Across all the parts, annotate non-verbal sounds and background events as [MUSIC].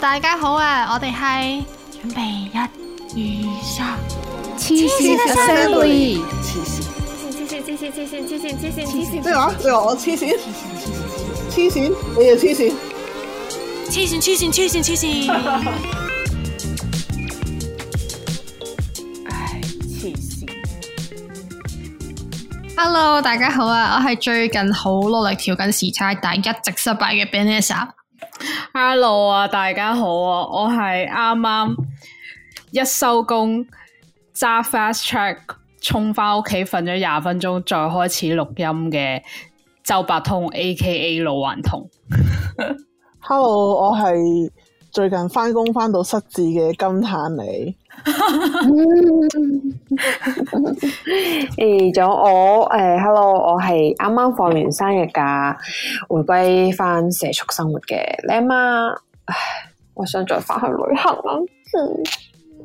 大家好啊！我哋係準備一、二、三，黐線的 Associates 黐線，黐線，黐線，黐線，黐線，黐線，黐線，黐線，即係話你我黐線，黐線，黐線，黐線，黐線，黐線，黐線，唉，黐線。Hello，大家好啊！我係最近好努力調緊時差，但一直失敗嘅 Banessa。Hello 啊，大家好啊，我係啱啱一收工揸 Fast Track 沖翻屋企瞓咗廿分鐘，再開始錄音嘅周伯通，A K A 老頑童。 [LAUGHS] Hello，我係最近翻工翻到失智嘅金碳妮。哈誒，仲 [LAUGHS] 有我誒、呃，Hello，我係啱啱放完生日假，回歸翻社畜生活嘅。靚媽，唉，我想再翻去旅行啦，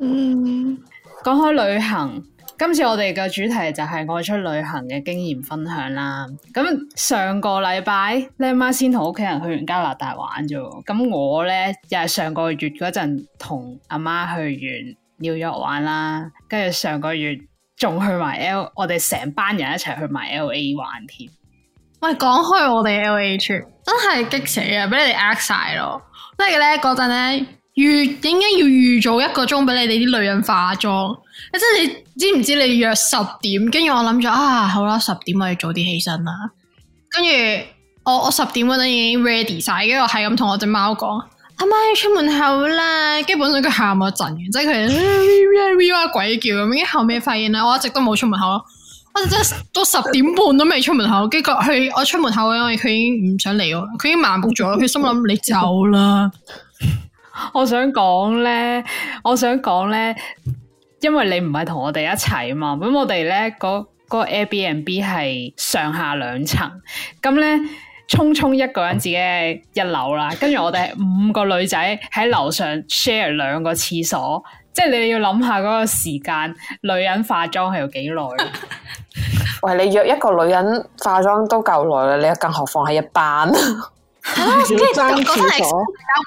嗯。嗯，講開旅行，今次我哋嘅主題就係外出旅行嘅經驗分享啦。咁上個禮拜，靚媽先同屋企人去完加拿大玩咋，咁我咧又係上個月嗰陣同阿媽去完。要約玩啦，跟住上個月仲去埋 L，我哋成班人一齊去埋 LA 玩添。喂，講開我哋 LA trip 真係激死啊！俾你哋呃晒咯。即係咧嗰陣咧預應該要預早一個鐘俾你哋啲女人化妝。即係你知唔知你約十點？跟住我諗住啊，好啦，十點我要早啲起身啦。跟住我我十點嗰陣已經 ready 晒，跟住我係咁同我隻貓講。阿媽要出門口啦，基本上佢喊我陣嘅，即係佢、就是呃呃呃呃呃、鬼叫咁。後尾發現啦，我一直都冇出門口，我真係都十點半都未出門口。結果佢我出門口，因為佢已經唔想嚟，佢已經麻木咗，佢心諗、哦、你走啦。我想講咧，我想講咧，因為你唔係同我哋一齊嘛，咁我哋咧嗰嗰個 Airbnb 係上下兩層，咁咧。聰聰，一個人自己嘅一樓啦，跟住我哋五個女仔喺樓上 share 兩個廁所，即係你哋要諗下嗰個時間，女人化妝係要幾耐？ [LAUGHS] 喂，你約一個女人化妝都夠耐啦，你更何況係一班？ [LAUGHS] 係咯，跟住覺得真係大家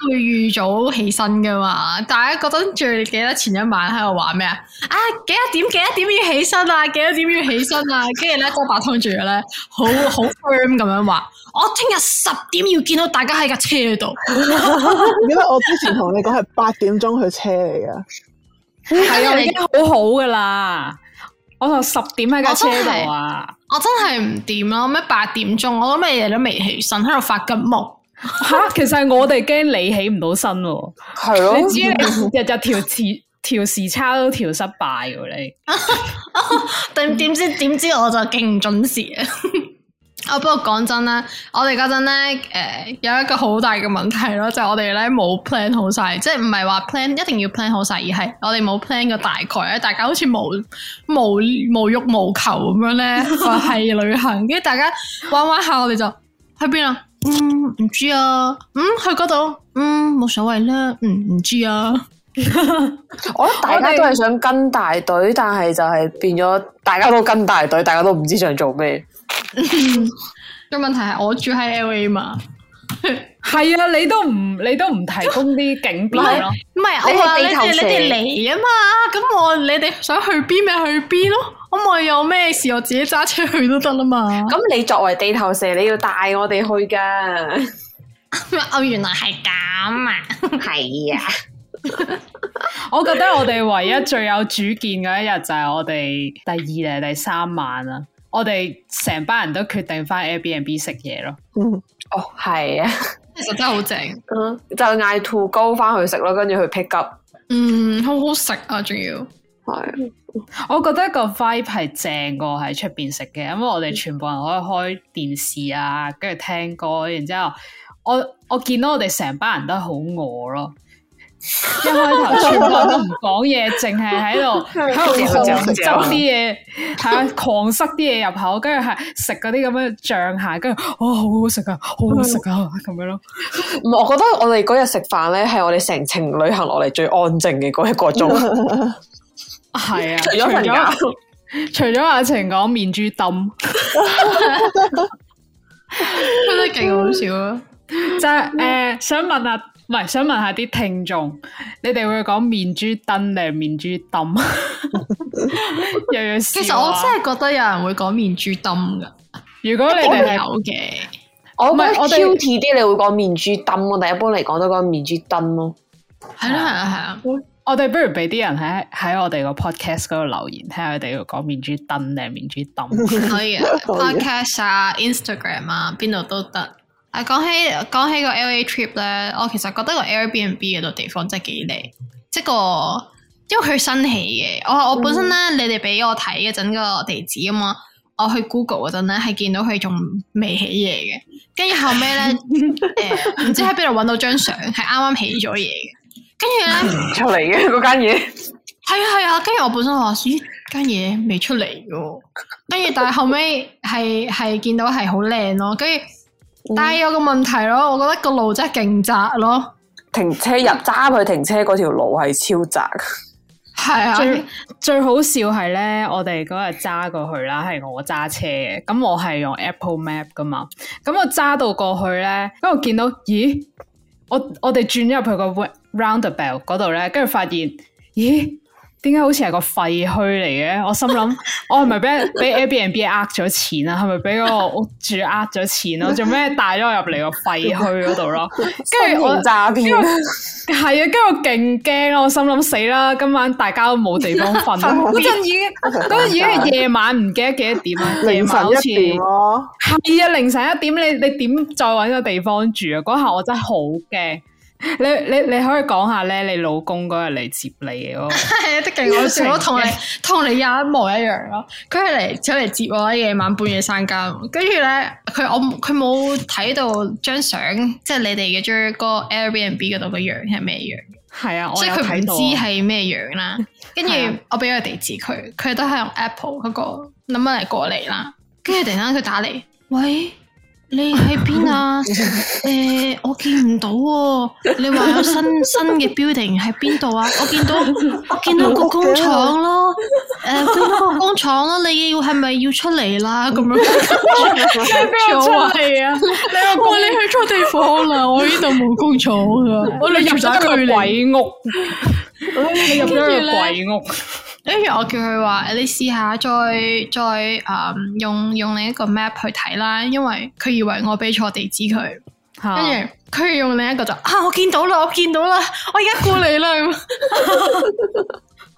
會預早起身噶嘛？大家覺得住你記得前一晚喺度玩咩啊？啊，幾多點？幾多點要起身啊？幾多點要起身啊？跟住咧，周伯通住咧，好好 firm 咁樣話：我聽日十點要見到大家喺架車度。因為我之前同你講係八點鐘去車嚟噶，係啊，已經好好噶啦。我就十點喺架車度啊。我真係唔掂咯，咩八點鐘，我諗你日都未起身，喺度發緊夢。吓，其實係我哋驚你起唔到身、啊。係咯， [LAUGHS] 日日調時調時差都調失敗、啊，你。但點、 [LAUGHS] 哦、知點知我就勁唔準時 [LAUGHS] 啊！不過講真啦，我哋嗰陣咧，誒、呃、有一個好大嘅問題咯，就係、是、我哋咧冇 plan 好晒，即係唔係話 plan 一定要 plan 好晒，而係我哋冇 plan 個大概咧。大家好似冇無無欲無無求咁樣咧，就係旅行，跟住 [LAUGHS] 大家玩玩下我，我哋就去邊啊？嗯，唔知啊。嗯，去嗰度。嗯，冇所謂啦。嗯，唔知啊。 [LAUGHS] 我覺得大家都係想跟大隊，但係就係變咗大家都跟大隊，大家都唔知想做咩。個 [LAUGHS] 問題係我住喺 L A 嘛，係 [LAUGHS] 啊，你都唔你都唔提供啲景點咯，唔係我係地頭蛇，你哋嚟啊嘛，咁我你哋想去邊咪去邊咯，咁我有咩事我自己揸車去都得啦嘛。咁你作為地頭蛇，你要帶我哋去噶。哦， [LAUGHS] 原來係咁啊，係 [LAUGHS] 是啊， [LAUGHS] [LAUGHS] 我覺得我哋唯一最有主見嘅一日就係我哋第二定第三晚啊。我哋成班人都決定翻 Airbnb 食嘢咯，嗯，哦，係啊，其實真係好正， [LAUGHS] 就嗌 two 高翻去食咯，跟住去 pick up，嗯，好好食啊，仲要，係、啊、我覺得個 vibe 係正過喺出邊食嘅，因為我哋全部人可以開電視啊，跟住聽歌，然之後，後我我見到我哋成班人都好餓咯。 [LAUGHS] 一開頭全部都唔講嘢，淨係喺度喺度執啲嘢，吓、啊、狂塞啲嘢入口，跟住係食嗰啲咁樣醬蟹，跟住哇好好食啊，好好食啊，咁樣咯。唔，我覺得我哋嗰日食飯咧，係我哋成程旅行落嚟最安靜嘅嗰一個鐘。係啊 [LAUGHS] 份， [LAUGHS] 除咗除咗阿晴講面珠抌，真係勁好笑啊！就係誒，想問啊。唔係，想問下啲聽眾，你哋會講面珠燈定係面珠氹？ [LAUGHS] 又有、啊，其實我真係覺得有人會講面珠氹噶。如果你哋有嘅，我覺得 cute 啲，你會講面珠氹。是我哋們一般嚟講都講面珠燈咯。係啦，係啊，係啊。啊我哋不如俾啲人喺喺我哋個 podcast 嗰度留言，聽下佢哋會講面珠燈定係面珠氹。可以啊，podcast 啊，Instagram 啊，邊度都得。啊，講起講起個 L A trip 咧，我其實覺得個 Airbnb 嗰度地方真係幾靚，即個因為佢新起嘅。我我本身咧，哦、你哋俾我睇嗰陣個地址啊嘛，我去 Google 嗰陣咧係見到佢仲未起嘢嘅，跟住後尾咧，唔、 [LAUGHS] 欸、知喺邊度搵到張相，係啱啱起咗嘢嘅，跟住咧出嚟嘅嗰間嘢，係啊係啊，跟住、啊啊、我本身我話咦間嘢未出嚟嘅，跟住但係後尾，係係見到係好靚咯，跟住。但係有個問題咯，我覺得個路真係勁窄咯。停車入揸去停車嗰條路係超窄。係 [LAUGHS] 啊， [LAUGHS] 最最好笑係咧，我哋嗰日揸過去啦，係我揸車嘅，咁我係用 Apple Map 噶嘛，咁我揸到過去咧，咁我見到，咦，我我哋轉咗入去個 roundabout 嗰度咧，跟住發現，咦？點解好似係個廢墟嚟嘅？我心諗，我係咪俾俾 Airbnb 呃咗錢啊？係咪俾個屋主呃咗錢咯？做咩帶咗我入嚟個廢墟嗰度咯？新型詐騙係啊！跟住我勁驚咯！我心諗死啦！今晚大家都冇地方瞓。嗰陣 [LAUGHS] [LAUGHS] 已經，嗰陣已經係夜晚，唔記得幾多點啦，啊啊。凌晨一點咯，係啊凌晨一點，你你點再搵個地方住啊？嗰下我真係好驚。你你你可以講下咧，你老公嗰日嚟接你嘅咯，係啊， [LAUGHS] 的確講笑咯，同你同你又一模一樣咯。佢係嚟，走嚟接我喺夜晚半夜三更，跟住咧，佢我佢冇睇到張相，即係你哋嘅張嗰個 Airbnb 嗰度個樣係咩樣？係啊， [LAUGHS] 即係佢唔知係咩樣啦。跟住我俾個地址佢，佢都係用 Apple 嗰個諗返嚟過嚟啦。跟住突然間佢打嚟， [LAUGHS] 喂。你喺邊啊？誒、呃，我見唔到喎、啊。你話有新新嘅 building 喺邊度啊？我見到我見到個工廠咯。誒、呃，個工廠咯。你要係咪要出嚟啦？咁樣工廠啊？你話你，啊、你去錯地方啦！我呢度冇工廠噶。我 [LAUGHS] 你入咗個鬼屋。你入咗個鬼屋。 [LAUGHS] 跟住我叫佢話，你試下再再誒、呃、用用另一個 map 去睇啦，因為佢以為我俾錯地址佢。跟住佢用另一個就，啊我見到啦，我見到啦，我而家過嚟啦、 [LAUGHS]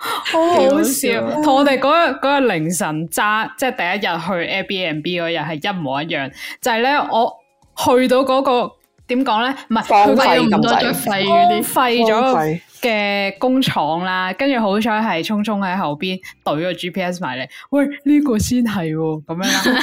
[LAUGHS] 哦，好好笑、啊。同我哋嗰嗰個凌晨揸，即係第一日去 Airbnb 嗰日係一模一樣，就係、是、咧我去到嗰、那個點講咧，唔係荒廢咁多，滯，荒便廢咗。哦嘅工廠啦，跟住好彩係聰聰喺後邊懟個 GPS 埋嚟。喂呢、這個先係咁樣啦，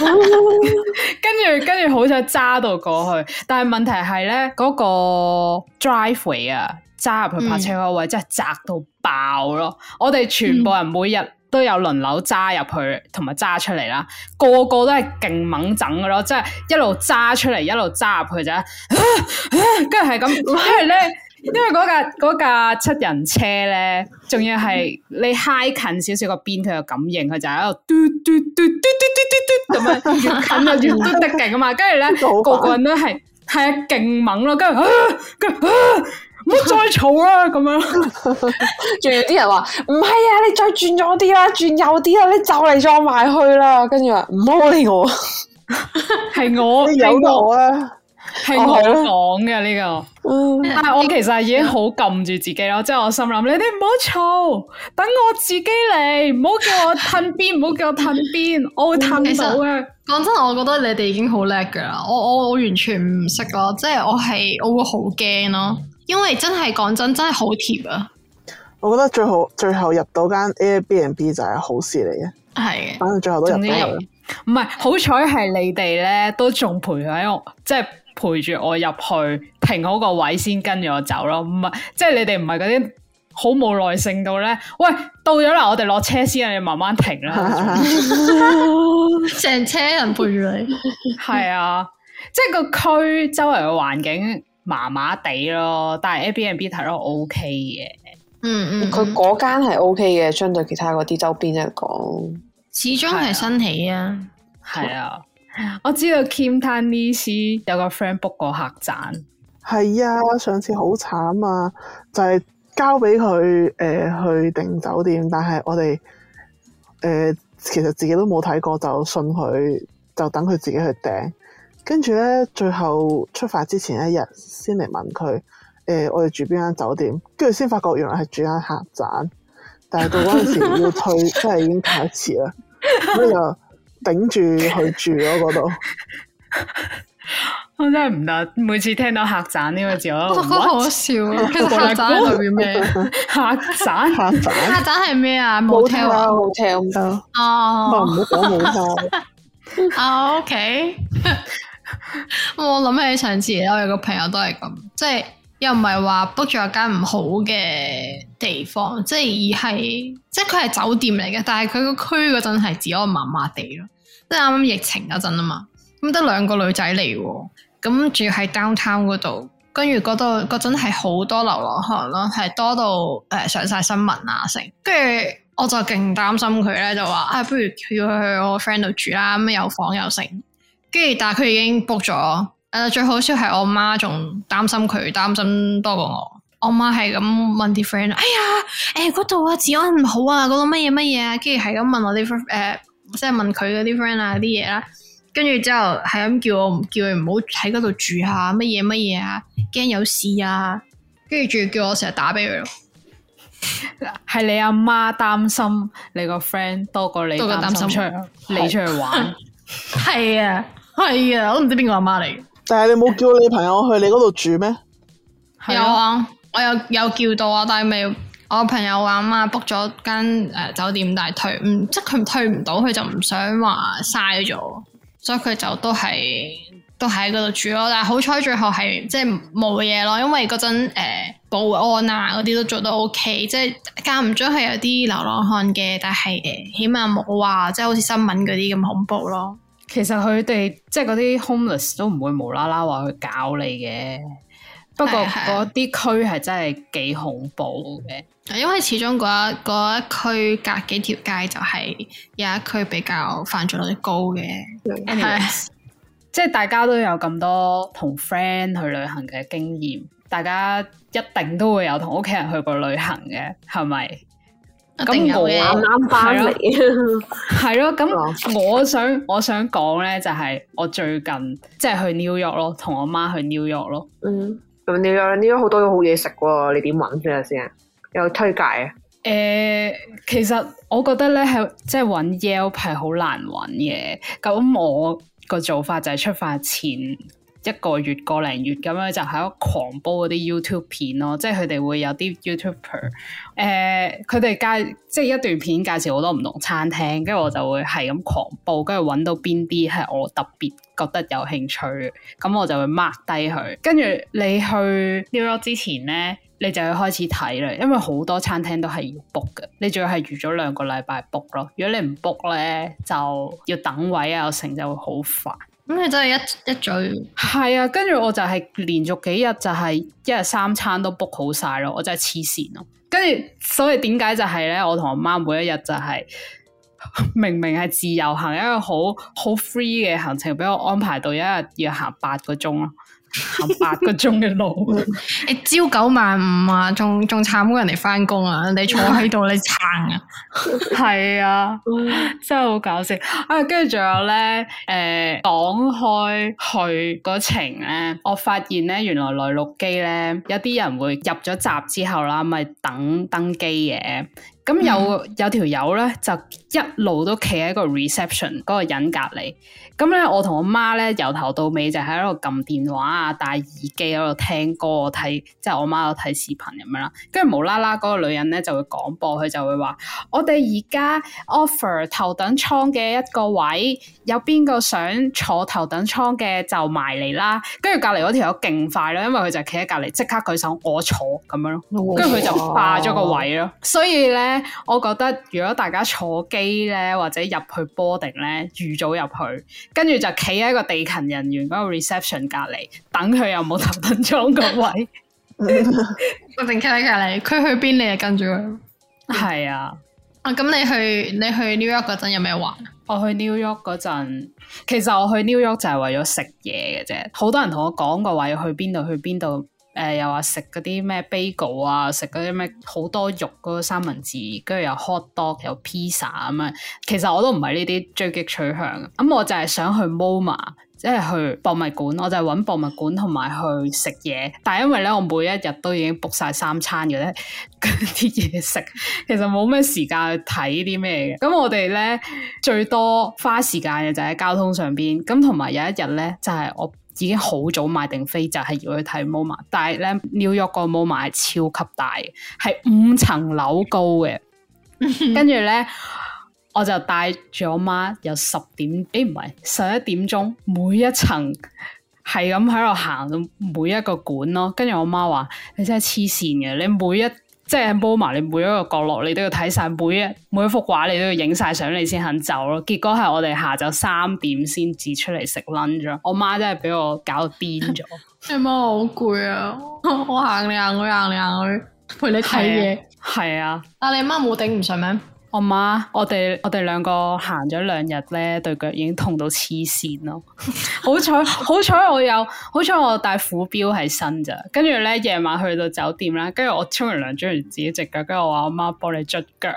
跟住跟住好彩揸到過去，但係問題係咧嗰個 driveway 啊，揸入去泊車嗰位真係窄到爆咯，我哋全部人每日都有輪流揸入去同埋揸出嚟啦，個個都係勁猛整㗎咯，即係一路揸出嚟一路揸入去啫，跟住係咁，跟住咧。 [LAUGHS] [LAUGHS] 因為嗰架架七人車咧，仲要係你挨近少少個邊，佢有感應，佢就喺度嘟嘟嘟嘟嘟嘟嘟咁樣，越近就越得勁啊嘛！跟住咧，個落 for 個人都係係啊，勁猛咯！跟住跟住啊，唔好再嘈啦！咁樣，仲有啲人話唔係啊，你再轉左啲啦，轉右啲啦，你就嚟撞埋去啦！跟住話唔好理我，係 [LAUGHS] [LAUGHS] 我，有我啊！係我講嘅呢個，嗯、但係我其實已經好撳住自己咯，即係、嗯、我，我心諗你哋唔好嘈，等我自己嚟，唔好叫我褪邊，唔好 [LAUGHS] 叫我褪邊，我會褪到嘅。其實講真，我覺得你哋已經好叻噶啦，我我我完全唔識咯，即係我係我會好驚咯，因為真係講真真係好貼啊！我覺得最後最後入到間 Airbnb 就係好事嚟嘅，係的反正最後都入到。唔係好彩係你哋咧，都仲陪喺我即係。就是陪住我入去，停好個位先跟住我走咯，唔係即係你哋唔係嗰啲好冇耐性到咧。喂，到咗啦，我哋落車先啊，你慢慢停啦。成、啊、 [LAUGHS] 車人陪住你，係 [LAUGHS] [LAUGHS] 啊，即係個區周圍嘅環境麻麻地咯，但係 Airbnb 睇到 O K 嘅，嗯嗯，佢嗰間係 O K 嘅，相對其他嗰啲周邊嚟講，始終係新起啊，係啊。我知道金碳妮呢次有個 friend book 個客棧，係啊，上次好慘啊，就係、是、交俾佢誒去訂酒店，但係我哋誒、呃、其實自己都冇睇過，就信佢，就等佢自己去訂，跟住咧最後出發之前一日先嚟問佢，誒、呃、我哋住邊間酒店，跟住先發覺原來係住間客棧，但係到嗰陣時要退，真係 [LAUGHS] 已經太遲啦， [LAUGHS] 咁又。頂住去住咯，嗰度 [LAUGHS] 我真係唔得，每次聽到客棧呢個字，我覺得好好笑，What? [LAUGHS] 其實客。 [LAUGHS] 客棧代表咩？客棧棧， [LAUGHS] 客棧，客棧係咩啊？冇聽啊，冇聽咁得，唔好唔好講冇聽。啊，OK [LAUGHS] 我。我諗起上次我有個朋友都係咁，即係。又唔係話 book 咗間唔好嘅地方，即係而係即係佢係酒店嚟嘅，但係佢個區嗰陣係治安麻麻地咯，即係啱啱疫情嗰陣啊嘛，咁得兩個女仔嚟，咁仲要喺 downtown 嗰度，跟住嗰度嗰陣係好多流浪漢咯，係多到誒、呃、上晒新聞啊成，跟住我就勁擔心佢咧，就話啊、哎、不如叫佢去我 friend 度住啦，咁有房有食，跟住但係佢已經 book 咗。誒，最好笑係我媽仲擔心佢，擔心多過我。我媽係咁問啲 friend，哎呀，誒嗰度啊治安唔好啊，嗰度乜嘢乜嘢啊，跟住係咁問我啲 friend，誒，即係問佢嗰啲 friend 啊啲嘢啦，跟住之後係咁叫我叫佢唔好喺嗰度住下，乜嘢乜嘢啊，驚、啊、有事啊，跟住仲要叫我成日打俾佢。係 [LAUGHS] 你阿媽擔心你個 friend 多過你多過擔心出，心出好你出去玩。係 [LAUGHS] 啊，係啊，啊，我都唔知邊個阿媽嚟。但係你冇叫你朋友去你嗰度住咩？有啊，我有有叫到啊，但係未，我朋友話啊 book 咗間誒酒店，但係退唔，即係佢退唔到，佢就唔想話嘥咗，所以佢就都係都喺嗰度住咯。但係好彩最後係即係冇嘢咯，因為嗰陣誒保安啊嗰啲都做得 OK，即係間唔中係有啲流浪漢嘅，但係誒起碼冇話即係好似新聞嗰啲咁恐怖咯。其實佢哋即係嗰啲 homeless 都唔會無啦啦話去搞你嘅，不過嗰啲區係真係幾恐怖嘅，因為始終嗰一一區隔幾條街就係有一區比較犯罪率高嘅，係、anyway、即係大家都有咁多同 friend 去旅行嘅經驗，大家一定都會有同屋企人去過旅行嘅，係咪？咁我啱啱返嚟，係咯？咁我想 [LAUGHS] 我想講咧，就係我最近即係去 New York 咯，同我媽去 New York 咯。嗯，咁 New York New York 好多好嘢食，你點搵出嚟先啊？有推介啊？誒、呃，其實我覺得咧，係即係搵 Yelp 係好難搵嘅。咁我個做法就係出發前。一個月過零月咁樣就喺度狂煲嗰啲 YouTube 片咯，即係佢哋會有啲 YouTuber，誒、呃、佢哋介即係一段片介紹好多唔同餐廳，跟住我就會係咁狂煲，跟住揾到邊啲係我特別覺得有興趣，咁我就會 mark 低佢。跟住你去紐約之前咧，你就要開始睇啦，因為好多餐廳都係要 book 嘅，你仲要係預咗兩個禮拜 book 咯。如果你唔 book 咧，就要等位啊，成就會好煩。咁你真係一一嘴係啊，跟住我就係連續幾日就係一日三餐都 book 好晒咯，我真係黐線咯。跟住所以點解就係咧，我同我媽每一日就係、是、明明係自由行，一個好好 free 嘅行程，俾我安排到一日要行八個鐘咯。行八個鐘嘅路、 [LAUGHS] 欸，你朝九晚五啊，仲仲慘過人哋翻工啊！你坐喺度 [LAUGHS] 你撐撐啊，係 [LAUGHS] 啊， [LAUGHS] 真係好搞笑啊！跟住仲有咧，誒、呃，講開去嗰程咧，我發現咧，原來內陸機咧，有啲人會入咗閘之後啦，咪等登機嘅。咁、嗯、有有條友咧，就一路都企喺個 reception 嗰個人隔籬。咁咧，我同我媽咧由頭到尾就喺度撳電話啊，戴耳機喺度聽歌，睇即係我媽度睇視頻咁樣啦。跟住無啦啦，嗰個女人咧就會廣播，佢就會話：我哋而家 offer 頭等艙嘅一個位，有邊個想坐頭等艙嘅就埋嚟啦？跟住隔籬嗰條友勁快啦，因為佢就企喺隔籬，即刻舉手我坐咁樣咯。跟住佢就霸咗個位咯。所以咧。我覺得如果大家坐機咧，或者入去 boarding 咧，預早入去，跟住就企喺個地勤人員嗰個 reception 隔籬等佢，又冇頭等艙個位， [LAUGHS] [LAUGHS] 我定企喺隔籬，佢去邊你就跟住佢。係啊，我咁、啊、你去你去 New York 嗰陣有咩玩？我去 New York 嗰陣，其實我去 New York 就係為咗食嘢嘅啫，好多人同我講個位去邊度去邊度。誒、呃，又話食嗰啲咩 bagel 啊，食嗰啲咩好多肉嗰個三文治，跟住又 hot dog，又 pizza 咁啊！其實我都唔係呢啲追擊取向，咁我就係想去 MoMA，即係去博物館，我就係揾博物館同埋去食嘢。但係因為咧，我每一日都已經 book 晒三餐嘅咧啲嘢食，其實冇咩時間去睇啲咩嘅。咁我哋咧最多花時間嘅就喺交通上面，咁同埋有一日咧就係、是、我。已經好早買定飛，就係要去睇 MOMA，但係咧紐約個 MOMA 係超級大嘅，係五層樓高嘅。跟住咧我就帶住我媽由十點誒，唔係十一點鐘，每一層係咁喺度行到每一個館咯，跟住我媽話，你真係黐線嘅，你每一。即係喺 MoMA 你每一個角落，你都要睇晒每一每一幅畫，你都要影晒相，你先肯走咯。結果係我哋下晝三點先至出嚟食 lunch，我媽真係俾我搞到癲咗。 [LAUGHS] 你媽好攰啊！ [LAUGHS] 我行嚟行去行嚟行去陪你睇嘢，係啊。啊但你阿媽冇頂唔順咩？我媽，我哋我哋兩個行咗兩日咧，對腳已經痛到黐線咯。好彩好彩，我有好彩我帶虎標喺身咋。跟住咧，夜晚去到酒店啦，跟住我沖完涼，沖完自己隻腳，跟住我話：我媽幫你捽腳，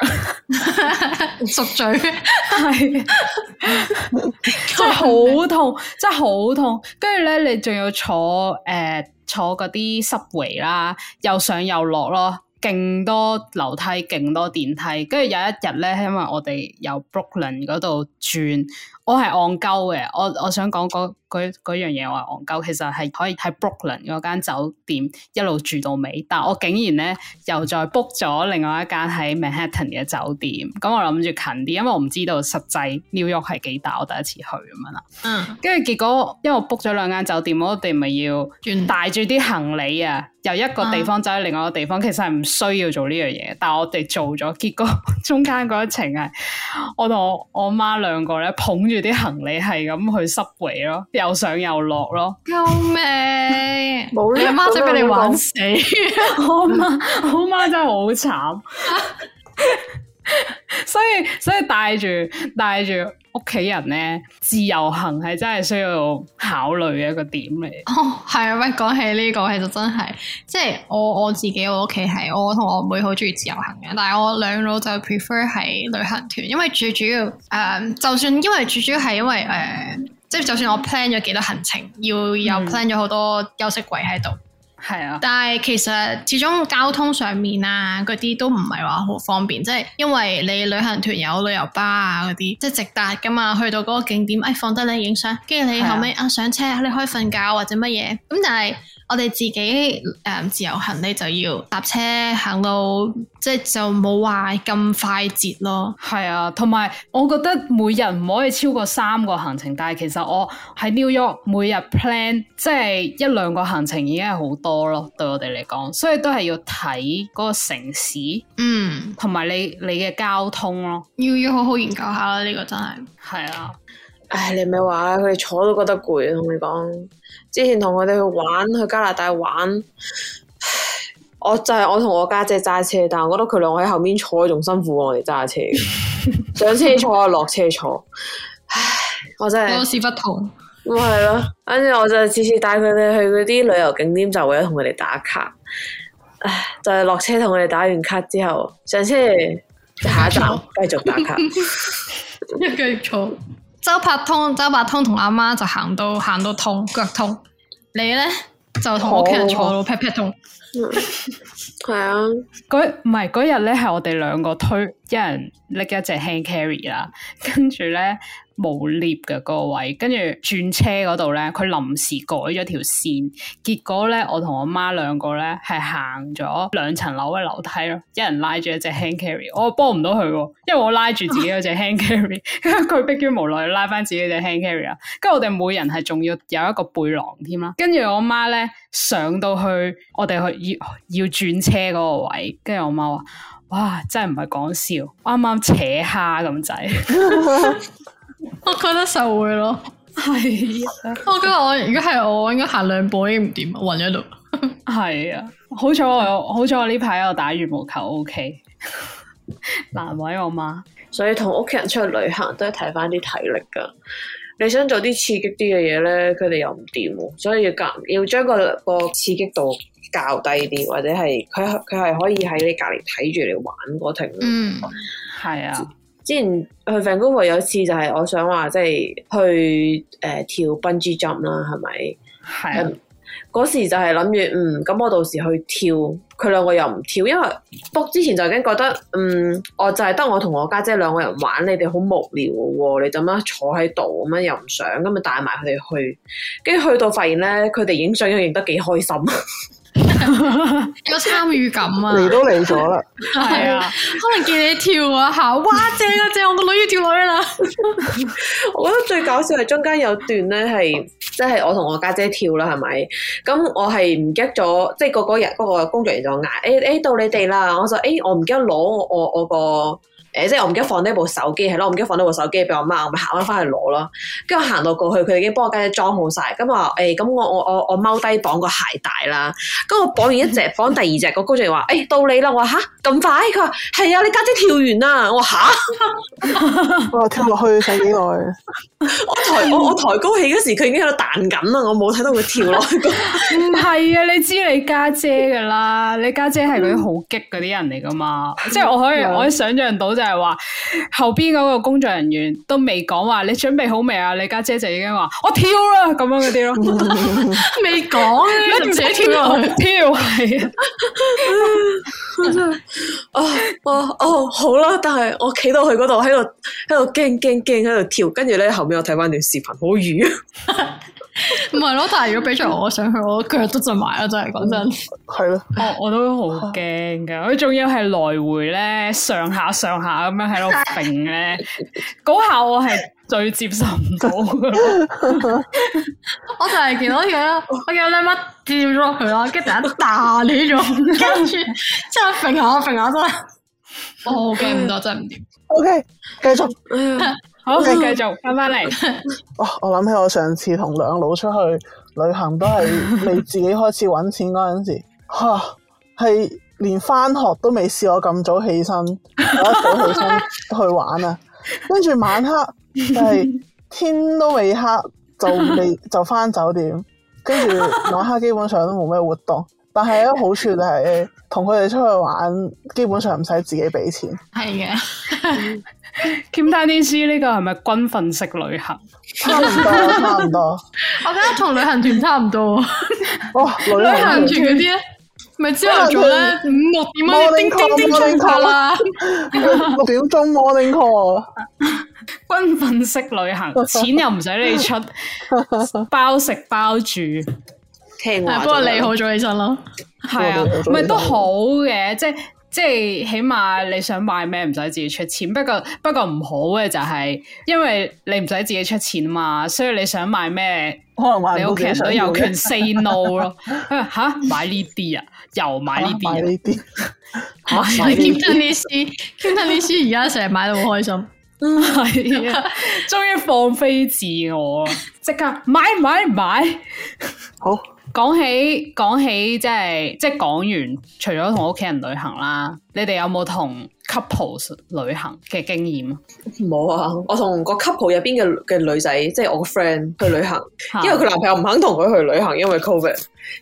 捽 [LAUGHS] [LAUGHS] 嘴，係 [LAUGHS] [LAUGHS] 真係好痛，真係好痛。跟住咧，你仲要坐誒、呃、坐嗰啲濕圍啦，又上又落咯。勁多樓梯，勁多電梯，跟住有一日咧，因為我哋由 Brooklyn、ok、嗰度轉。我係戇鳩嘅，我我想講嗰樣嘢我係戇鳩，其實係可以喺 Brooklyn 嗰間酒店一路住到尾，但我竟然咧又再 book 咗另外一間喺 Manhattan 嘅酒店，咁我諗住近啲，因為我唔知道實際 New York 係幾大，我第一次去咁樣啦。嗯，跟住結果因為我 book 咗兩間酒店，我哋咪要帶住啲行李啊，由一個地方走去另外一個地方，嗯、其實係唔需要做呢樣嘢，但係我哋做咗，結果 [LAUGHS] 中間嗰一程係我同我我媽兩個咧捧住啲行李係咁去 subway 咯，又上又落咯，救命！你阿媽真俾你玩死， [LAUGHS] [LAUGHS] 我媽我媽真係好慘，所以所以帶住帶住。屋企人咧，自由行係真係需要考慮嘅一個點嚟。哦，係啊，喂，講起呢、這個，其實真就真、是、係，即係我我自己，我屋企係我同我妹好中意自由行嘅，但係我兩老就 prefer 係旅行團，因為最主要誒、呃，就算因為最主要係因為誒，即、呃、係就算我 plan 咗幾多行程，要又 plan 咗好多休息位喺度。嗯係啊，但係其實始終交通上面啊，嗰啲都唔係話好方便，即係因為你旅行團有旅遊巴啊嗰啲，即係直達㗎嘛，去到嗰個景點，哎放低你影相，跟住你後尾啊上車，你可以瞓覺或者乜嘢，咁但係。我哋自己誒、嗯、自由行咧就要搭車行到，即係就冇話咁快捷咯。係啊，同埋我覺得每日唔可以超過三個行程，但係其實我喺 New York 每日 plan 即係一兩個行程已經係好多咯，對我哋嚟講，所以都係要睇嗰個城市，嗯，同埋你你嘅交通咯，要要好好研究下啦，呢、這個真係係啊！唉，你咪話佢哋坐都覺得攰，同你講。之前同佢哋去玩，去加拿大玩，寫我就係我同我家姐揸車，但係我覺得佢倆我喺後面坐仲辛苦過我哋揸車。 [LAUGHS] 上車坐啊落車坐，唉寫，我真係，世事不同，咁係咯，跟寫住、嗯、我就次次帶佢哋去嗰啲旅遊景點就為咗同佢哋打卡，唉寫，就係、是、落車同佢哋打完卡之後，上車寫不寫下一站繼續打卡，一繼續坐。周伯通、周伯通同阿媽就行到行到痛腳痛，你咧就同屋企人坐到 pat pat 痛，係啊。嗰唔係嗰日咧，係我哋兩個推，一人拎一隻 hand carry 啦，跟住咧。 [LAUGHS] [LAUGHS] 冇 lift 嘅嗰個位，跟住轉車嗰度咧，佢臨時改咗條線，結果咧，我同我媽兩個咧係行咗兩層樓嘅樓梯咯，一人拉住一隻 hand carry，我幫唔到佢，因為我拉住自己嗰隻 hand carry，佢逼於無奈拉翻自己隻 hand carry，跟住我哋每人係仲要有一個背囊添啦，跟住我媽咧上到去，我哋去要要轉車嗰個位，跟住我媽話：哇，真係唔係講笑，啱啱扯蝦咁滯。 [LAUGHS] [LAUGHS] 我覺得受會咯， [LAUGHS] 係 [LAUGHS] 啊。我覺得我如果係我，應該行兩步已經唔掂，暈喺度。係啊，好彩我好彩我呢排喺度打羽毛球，O K。難為我媽，所以同屋企人出去旅行都係睇翻啲體力噶。你想做啲刺激啲嘅嘢咧，佢哋又唔掂，所以要夾要將個個刺激度較低啲，或者係佢佢係可以喺你隔籬睇住你玩嗰停。嗯，係啊。 [LAUGHS] 之前去 Vancouver 有一次就係我想話即係去誒、呃、跳 bungee jump 啦係咪？係啊，嗯，嗰時就係諗住嗯，咁我到時去跳，佢兩個又唔跳，因為 book 之前就已經覺得嗯，我就係得我同我家姐兩個人玩，你哋好無聊喎，你咁樣坐喺度咁樣又唔想，咁咪帶埋佢哋去，跟住去到發現咧，佢哋影相又影得幾開心。 [LAUGHS] [LAUGHS] 有參與感啊！嚟都嚟咗啦，係 [LAUGHS] 啊， [LAUGHS] 可能見你跳啊下，哇正啊正啊，我個女要跳女啦。 [LAUGHS] [LAUGHS] 我覺得最搞笑係中間有段咧，係即係我同我家姐、姐跳啦，係咪？咁我係唔激咗，即係嗰嗰日嗰個工作人、人就嗌：誒、欸、誒、欸，到你哋啦！我就誒、欸，我唔記得攞我我我個。誒，即係我唔記得放低部手機，係咯，我唔記得放低部手機俾我媽，我咪行翻翻去攞咯。跟住我行到過去，佢已經幫我家姐裝好晒。咁話誒，咁、哎、我我我我踎低綁個鞋帶啦。咁我綁完一隻，綁第二隻，個高姐話：誒、哎，到你啦！我話嚇咁快？佢話係啊，你家姐、姐跳完啦！我話嚇， [LAUGHS] 我話跳落去使幾耐？我抬我我抬高起嗰時，佢已經喺度彈緊啦，我冇睇到佢跳落去。唔係啊，你知你家姐噶啦，你家姐係嗰啲好激嗰啲人嚟噶嘛？嗯、即係我可以，我以想象到。就係話後邊嗰個工作人員都未講話，你準備好未啊？你家姐、姐就已經話我跳啦，咁樣嗰啲咯，未講咧，自己跳落去 [LAUGHS] 跳。係啊，真係啊，哦哦好啦，但係我企到去嗰度喺度喺度驚驚驚喺度跳，跟住咧後面我睇翻條視頻好瘀，唔係咯？但係如果俾住我，我想去，我腳都震埋啊！真係講真，係咯、嗯 [LAUGHS] [NOISE] [NOISE] 哦，我我都好驚噶，佢仲要係來回咧上下上下、下。咁樣喺度揈咧，嗰下我係最接受唔到嘅咯。我就係見到佢，我見到你乜跌咗落去啦，跟住突然間大呢種，跟住真係揈下，揈下真係，我好驚唔到，真係唔掂。O K，繼續，好，繼續翻翻嚟。哦，我諗起我上次同兩老出去旅行，都係你自己開始揾錢嗰陣時，吓係。連翻學都未試，我咁早起身，我 [LAUGHS] 一早起身去玩啊！跟住 [LAUGHS] 晚黑就係天都未黑就未就翻酒店，跟住晚黑基本上都冇咩活動。但係咧好處係同佢哋出去玩，基本上唔使自己俾錢。係嘅、嗯、 [LAUGHS] ，Kim t a n i 呢個係咪軍訓式旅行？ [LAUGHS] 差唔多，差唔多。 [LAUGHS] 我覺得同旅行團差唔多。 [LAUGHS] 哦，旅行團嗰啲 [LAUGHS] 咪之後佢咧五六點鐘叮叮叮出發啦，六點鐘 morning call，軍訓式旅行，錢又唔使你出，包食包住。不過你好早起身咯，係啊，唔係都好嘅，即係即係起碼你想買咩唔使自己出錢。不過不過唔好嘅就係，因為你唔使自己出錢啊嘛，所以你想買咩，可能話你屋企人都有權 say no 咯。吓，買呢啲啊！又買呢啲，買呢啲，買 Quantum Leap，Quantum Leap 而家成日買得好開心，唔係啊，終於放飛自我，即刻買買買，好。講起講起即係即係講完，除咗同屋企人旅行啦，你哋有冇同 couple 旅行嘅經驗？冇啊，我同個 couple 入邊嘅嘅女仔，即係我個 friend 去， [LAUGHS] 去旅行，因為佢男朋友唔肯同佢去旅行，因為 covid，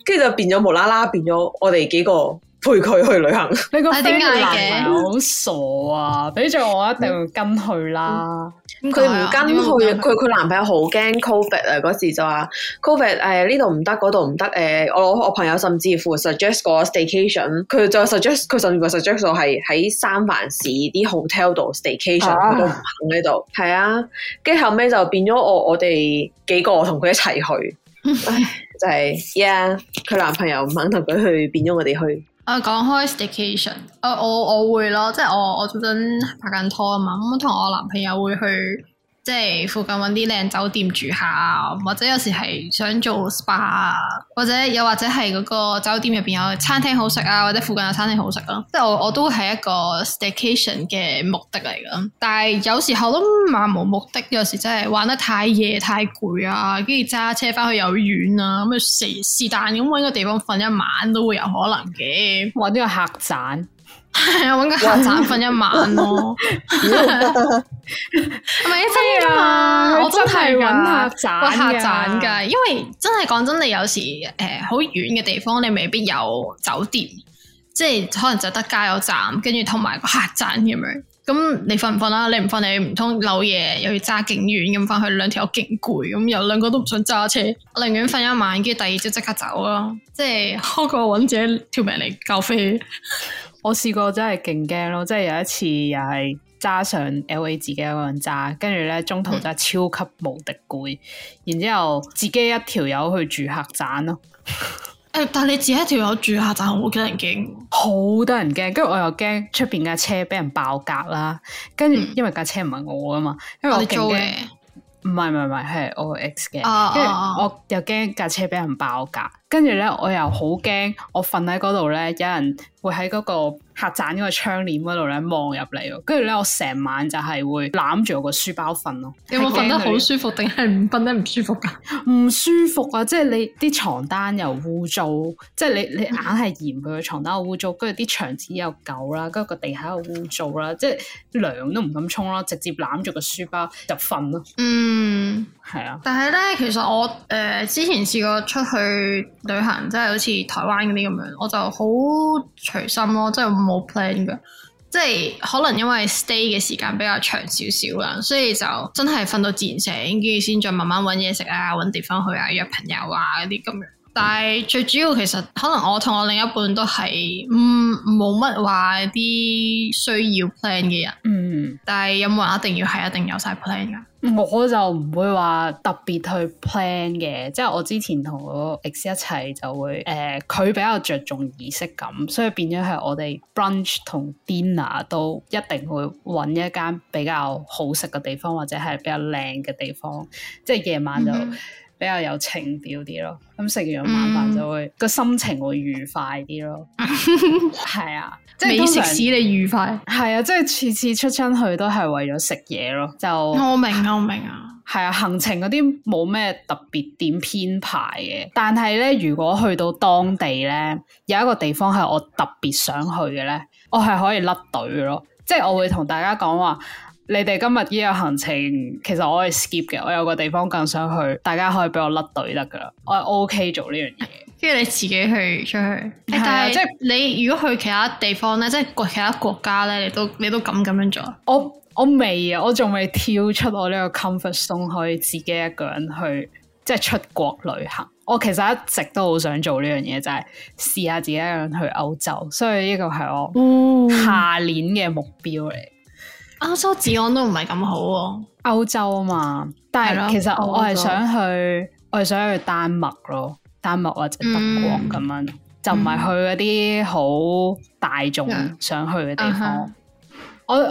跟住就變咗無啦啦，變咗我哋幾個。陪佢去旅行，你個 friend 嘅男朋友好傻啊！俾咗我一定跟去啦。佢唔跟去，佢佢男朋友好驚 covid 啊！嗰時就話 covid 誒呢度唔得，嗰度唔得誒。我我朋友甚至乎 suggest 個 staycation，佢就 suggest 佢甚至乎 suggest 我係喺三藩市啲 hotel 度 staycation，佢都唔肯喺度。係啊，跟後尾就變咗我我哋幾個同佢一齊去。唉，就係，yeah，佢男朋友唔肯同佢去，變咗我哋去。我、啊、講開 staycation，、啊、我我我會咯，即係我我嗰陣拍緊拖啊嘛，咁我同我男朋友會去。即係附近揾啲靚酒店住下、啊，或者有時係想做 SPA 啊，或者又或者係嗰個酒店入邊有餐廳好食啊，或者附近有餐廳好食咯、啊。即係我我都係一個 staycation 嘅目的嚟㗎，但係有時候都漫無目的，有時真係玩得太夜太攰啊，跟住揸車翻去又遠啊，咁啊是是但咁揾個地方瞓一晚都會有可能嘅，或者係客棧。係啊，搵 [LAUGHS] 個客棧瞓一晚咯、喔， [LAUGHS] [LAUGHS] 咪即係嘛？我真係搵客棧嘅，因為真係講真，你有時誒好遠嘅地方，你未必有酒店，即係可能就得加油站，跟住同埋個客棧咁樣。咁你瞓唔瞓啊？你唔瞓，你唔通漏夜又要揸勁遠咁翻去，兩條友勁攰，咁又兩個都唔想揸車，我寧願瞓一晚，跟住第二朝即刻走咯。即係開個穩者條命嚟交飛。 [LAUGHS] 我試過真係勁驚咯，即係有一次又係揸上 L A 自己一個人揸，跟住咧中途真係超級無敵攰，然之後自己一條友去住客棧咯。誒、 [LAUGHS] 欸，但係你自己一條友住客棧好得人驚，好多人驚。跟住 [LAUGHS] 我又驚出邊架車俾人爆格啦，跟住因為架、嗯、車唔係我啊嘛，因為我做嘅唔係唔係唔係係我 X 嘅，跟住我又驚架車俾人爆格。跟住咧，我又好驚，我瞓喺嗰度咧，有人會喺嗰個客棧嗰個窗簾嗰度咧望入嚟。跟住咧，我成晚就係會攬住我個書包瞓咯。有冇瞓得好舒服，定係唔瞓得唔舒服噶？唔 [LAUGHS] 舒服啊！即係你啲床單又污糟，即係你你硬係嫌佢個床單污糟，跟住啲牆紙又舊啦，跟住個地下又污糟啦，即係涼都唔敢沖咯，直接攬住個書包入瞓咯。嗯。係啊，但係咧，其實我誒、呃、之前試過出去旅行，即係好似台灣嗰啲咁樣，我就好隨心咯，即係冇 plan 嘅，即係可能因為 stay 嘅時間比較長少少啦，所以就真係瞓到自然醒，跟住先再慢慢揾嘢食啊，揾地方去啊，約朋友啊嗰啲咁樣。但係最主要，其實可能我同我另一半都係，嗯，冇乜話啲需要 plan 嘅人。嗯，但係有冇話一定要係一定有晒 plan 㗎？我就唔會話特別去 plan 嘅。即係我之前同我 ex 一齊就會，誒、呃、佢比較着重儀式感，所以變咗係我哋 brunch 同 dinner 都一定會揾一間比較好食嘅地方，或者係比較靚嘅地方。即係夜晚就。Mm hmm. 比較有情調啲咯，咁食完晚飯就會個、嗯、心情會愉快啲咯，係 [LAUGHS] 啊，即係美食使你愉快。係 [LAUGHS] 啊，即係次次出親去都係為咗食嘢咯，就我明我明啊，係啊，行程嗰啲冇咩特別點編排嘅，但係咧如果去到當地咧有一個地方係我特別想去嘅咧，我係可以甩隊咯，即係我會同大家講話。你哋今日呢個行程，其實我係 skip 嘅，我有個地方更想去，大家可以俾我甩隊得噶啦，我係 OK 做呢樣嘢，跟住你自己去出去。的但係是即係你如果去其他地方咧，即係過其他國家咧，你都你都敢咁樣做？我我未啊，我仲未跳出我呢個 comfort zone 可以自己一個人去即係、就是、出國旅行。我其實一直都好想做呢樣嘢，就係試下自己一個人去歐洲。所以呢個係我下年嘅目標嚟。哦歐洲治安都唔係咁好喎。歐洲啊嘛，但係其實我係想去，洲我係想去丹麥咯，丹麥或者德國咁樣，嗯、就唔係去嗰啲好大眾想去嘅地方。嗯嗯嗯嗯、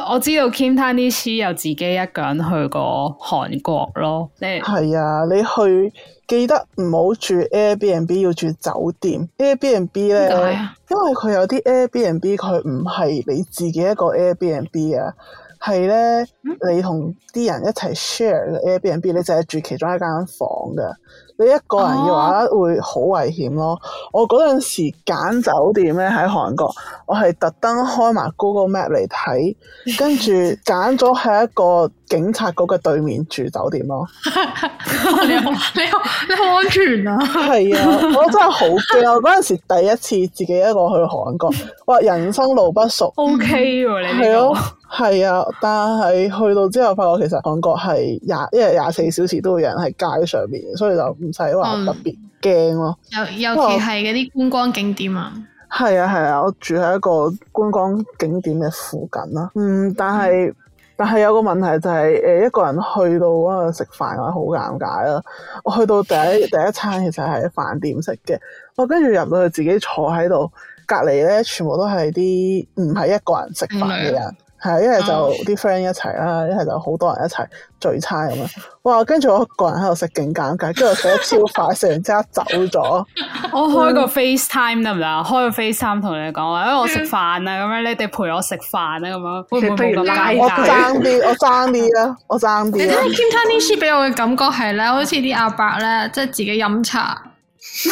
我我知道金碳妮有自己一個人去過韓國咯。你係啊，你去記得唔好住 Airbnb，要住酒店 Airbnb 咧，為因為佢有啲 Airbnb 佢唔係你自己一個 Airbnb 啊。係咧，呢嗯、你同啲人一齊 share Airbnb，你就係住其中一間房噶。你一個人嘅話會好危險咯。哦、我嗰陣時揀酒店咧喺韓國，我係特登開埋 Google Map 嚟睇，跟住揀咗係一個 [LAUGHS] 警察局嘅對面住酒店咯 [LAUGHS] 好 [LAUGHS] 你好你好你好安全啊！係 [LAUGHS] 啊，我真係好驚。我嗰陣時第一次自己一個去韓國，哇，人生路不熟，O K 嘅你係這咯，係啊。但係去到之後，發覺其實韓國係廿，因為廿四小時都會有人喺街上面，所以就唔使話特別驚咯。尤、嗯、為尤其係嗰啲觀光景點啊，係啊係啊，我住喺一個觀光景點嘅附近啦。嗯，但係。嗯但係有個問題就係，誒，一個人去到嗰度食飯，我話好尷尬啦。我去到第一、第一餐其實係飯店食嘅，我跟住入到去自己坐喺度，隔離咧全部都係啲唔係一個人食飯嘅人。嗯係，一係就啲 friend 一齊啦，一係就好多人一齊聚餐咁樣！哇，跟住我一個人喺度食勁尷尬，跟住我食得超快，食 [LAUGHS] 完即刻走咗，嗯哎。我開個 FaceTime 得唔得啊？開個 FaceTime 同你講話，因為我食飯啦，咁樣你哋陪我食飯啊，咁樣會唔會咁尷尬？我爭啲，我爭啲啦，我爭啲。你睇下 Kim Tanishi 俾我嘅感覺係咧，好似啲阿伯咧，即係自己飲茶。需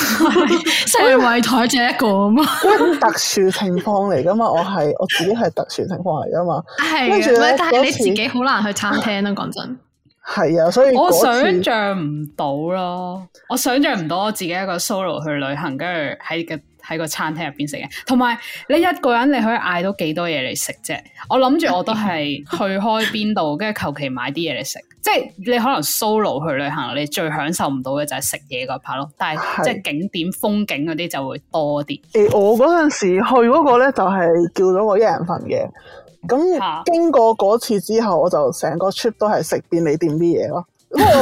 要位台只一個啊嘛，嗰 [LAUGHS] 特殊情況嚟噶嘛，我係我自己係特殊情況嚟噶嘛。係 [LAUGHS] 但係次你自己好難去餐廳啦，講真。係 [LAUGHS] 啊，所以我想象唔到咯，我想象唔到我自己一個 solo 去旅行，跟住喺個喺個餐廳入邊食嘢。同埋你一個人，你可以嗌到幾多嘢嚟食啫？我諗住我都係去開邊度，跟住求其買啲嘢嚟食。即係你可能 solo 去旅行，你最享受唔到嘅就係食嘢嗰 part 咯。但係即係景點是風景嗰啲就會多啲。誒，我嗰陣時去嗰個咧就係叫咗我一人份嘅。咁經過嗰次之後，我就成個 trip 都係食便利店啲嘢咯。咁我 [LAUGHS] [LAUGHS] [LAUGHS]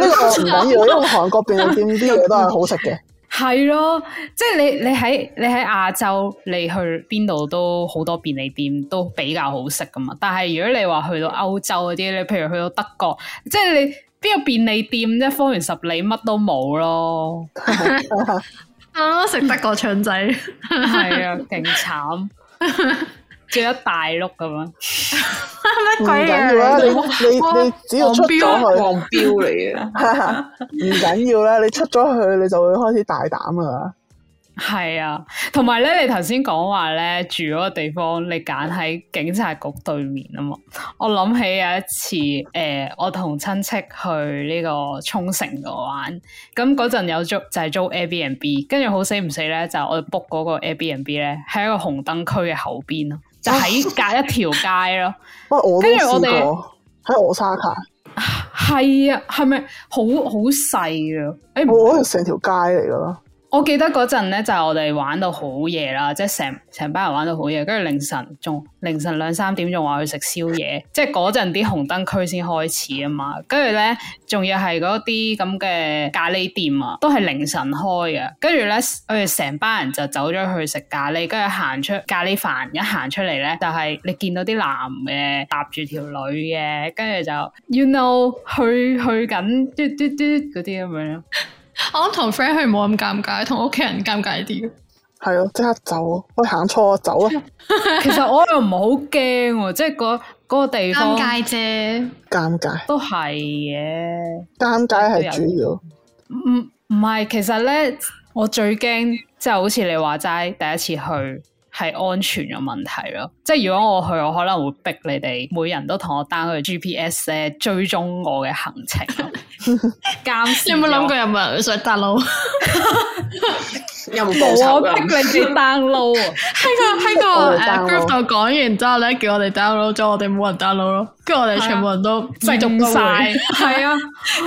不過呢個唔緊要，因為韓國便利店啲嘢都係好食嘅。係咯，即係你你喺你喺亞洲，你去邊度都好多便利店都比較好食噶嘛。但係如果你話去到歐洲嗰啲，你譬如去到德國，即係你邊個便利店啫？方圓十里乜都冇咯。啊，食德國腸仔， [LAUGHS] 係 [LAUGHS] [LAUGHS] 啊，勁慘。.住一大碌咁樣，乜 [LAUGHS] 鬼嘢、啊、嚟？ [LAUGHS] 你你，你，你只要哇出咗去，標嚟嘅，唔緊要啦。 [LAUGHS] 你出咗去，你就會開始大膽啦。係啊，同埋咧，你頭先講話咧，住嗰個地方，你揀喺警察局對面啊嘛。我諗起有一次，誒、呃，我同親戚去呢個沖繩度玩，咁嗰陣有租就係、是、租 Airbnb，跟住好死唔死咧，就是、我 book 嗰個 Airbnb 咧，喺一個紅燈區嘅後邊咯。 [LAUGHS] 就喺隔一條街咯，跟住、 [LAUGHS] 哎、我哋喺我哋喺 Osaka，係 [LAUGHS] 啊，係咪好好細啊？哎、不過我覺得成條街嚟㗎喇。我記得嗰陣咧，就係我哋玩到好夜啦，即係成成班人玩到好夜，跟住凌晨仲凌晨兩三點仲話去食宵夜， [LAUGHS] 即係嗰陣啲紅燈區先開始啊嘛，跟住咧仲要係嗰啲咁嘅咖喱店啊，都係凌晨開嘅，跟住咧我哋成班人就走咗去食咖喱，跟住行出咖喱飯一行出嚟咧，就係、係、你見到啲男嘅搭住條女嘅，跟住就 [LAUGHS] you know 去去緊嘟嘟嘟嗰啲咁樣。 [LAUGHS] 我同 friend 去冇咁尷尬，同屋企人尷尬啲。係咯，即刻走，我行錯走啊！ [NOISE] [NOISE] [NOISE] 其實我又唔係好驚，即係嗰嗰個地方尷尬啫，尷尬，都係嘅，尷尬係主要。唔唔係，其實咧，我最驚即係好似你話齋，第一次去。係安全嘅問題咯，即係如果我去，我可能會逼你哋每人都同我 down 佢 GPS 咧，追蹤我嘅行程。 [LAUGHS] 監視 [LAUGHS] 你有冇諗過有冇人想搭路？ [LAUGHS] 冇我逼你 download，喺個喺個 group 度講完之後咧，叫我哋 download，咗我哋冇人 download 咯，跟住我哋全部人都集中晒，係啊，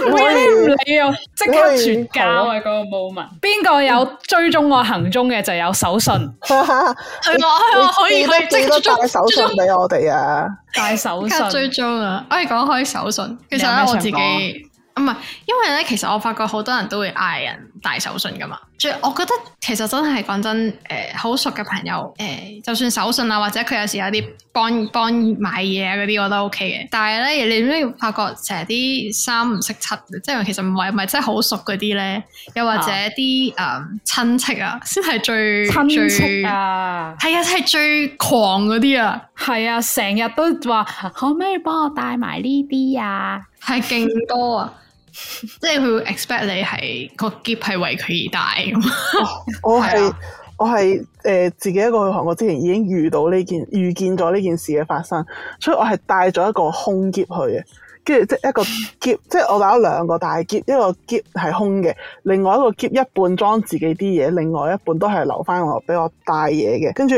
冇人唔理啊，即刻絕交啊！嗰個 moment，邊個有追蹤我行蹤嘅就有手信，係、哎、嘛，可以即刻追蹤手信俾我哋啊，帶手信，追蹤啊，我以講開手信。其實咧，我自己唔係、啊，因為咧，其實我發覺好多人都會嗌人。大手信㗎嘛？最，我覺得其實真係講真，誒好、呃、熟嘅朋友，誒、呃、就算手信啊，或者佢有時有啲幫幫買嘢嗰啲，我都 OK 嘅。但係咧，你點解發覺成日啲三唔識七？即係其實唔係唔係真係好熟嗰啲咧，又或者啲誒、呃、親戚啊，先係最親戚啊，係啊，係最狂嗰啲啊，係啊，成日、啊、都話可唔可以幫我帶埋呢啲啊？係勁多啊！即係佢會 expect 你係，個篋係為佢而帶， [LAUGHS] 我係我係誒自己一個去韓國之前已經遇到呢件預見咗呢件事嘅發生，所以我係帶咗一個空篋去嘅，跟住即係一個篋，即係我帶咗兩個大篋，一個篋係空嘅，另外一個篋一半裝自己啲嘢，另外一半都係留翻我俾我帶嘢嘅，跟住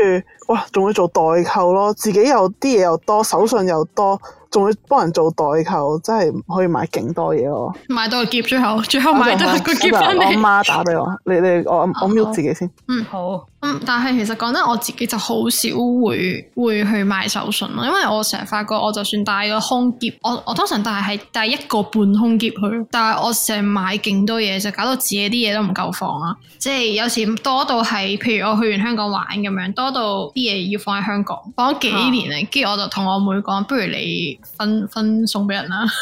哇，仲會做代購咯，自己又啲嘢又多，手信又多。仲會幫人做代購，真係可以買勁多嘢咯。買到個喼，最後，最後唔係，都係喼翻你。我媽打俾我，你你我我瞄自己先。嗯好。嗯，嗯嗯但係其實講真，我自己就好少會會去買手信咯，因為我成日發覺，我就算帶個空喼，我我通常帶係帶一個半空喼去，但係我成日買勁多嘢，就搞到自己啲嘢都唔夠放啊。即係有時多到係，譬如我去完香港玩咁樣，多到啲嘢要放喺香港放幾年啊。跟住、嗯、我就同我妹講，不如你，分分送俾人啦 [LAUGHS]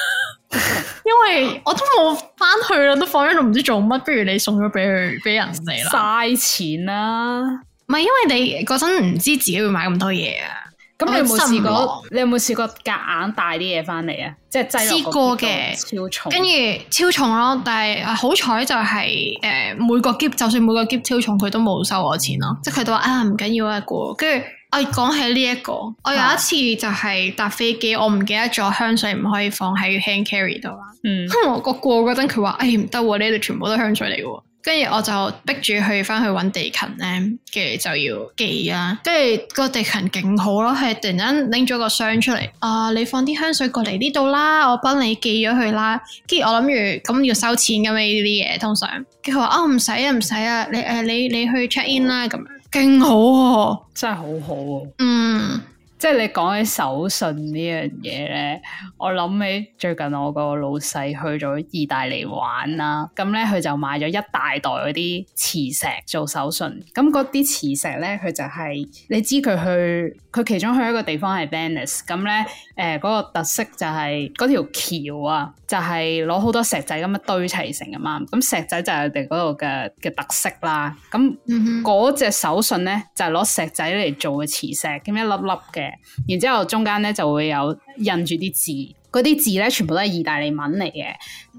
[LAUGHS] 因為我都冇翻去啦，都放喺度唔知做乜。不如你送咗俾佢俾人哋啦，嘥錢啦、啊。唔係因為你嗰陣唔知自己會買咁多嘢啊。咁你有冇試過？你有冇試過夾硬帶啲嘢翻嚟啊？即係試過嘅，超重，跟住超重咯。但係好彩就係誒，每個喼就算每個喼超重，佢都冇收我錢咯。 [NOISE] 即係佢都話啊，唔緊要啊，過。跟住。我講起呢、這、一個，我有一次就係搭飛機，我唔記得咗香水唔可以放喺 hand carry 度啦、嗯。我過嗰陣佢話：哎唔得，你呢度全部都香水嚟嘅。跟住我就逼住去翻去搵地勤咧，跟住就要寄啦。跟住個地勤勁好咯，係突然間拎咗個箱出嚟。啊，你放啲香水過嚟呢度啦，我幫你寄咗去啦。跟住我諗住咁要收錢嘅咩呢啲嘢，通常佢話：啊唔使啊唔使啊，你誒、呃、你你，你去 check in 啦咁勁好喎，真係好好喎。嗯。即係你講起手信呢樣嘢咧，我諗起最近我個老細去咗意大利玩啦，咁咧佢就買咗一大袋啲磁石做手信。咁、嗯、啲磁石咧佢就係、是、你知佢去佢其中去一個地方係 Venice，咁、嗯、咧誒、嗯嗰個特色就係條橋啊，就係攞好多石仔咁樣堆砌成嘛，咁、嗯、石仔就係佢哋度嘅嘅特色啦。咁嗰隻手信咧就係、是、攞石仔嚟做嘅磁石，咁一粒粒嘅。然之後中間咧就會有印住啲字，嗰啲字咧全部都係意大利文嚟嘅。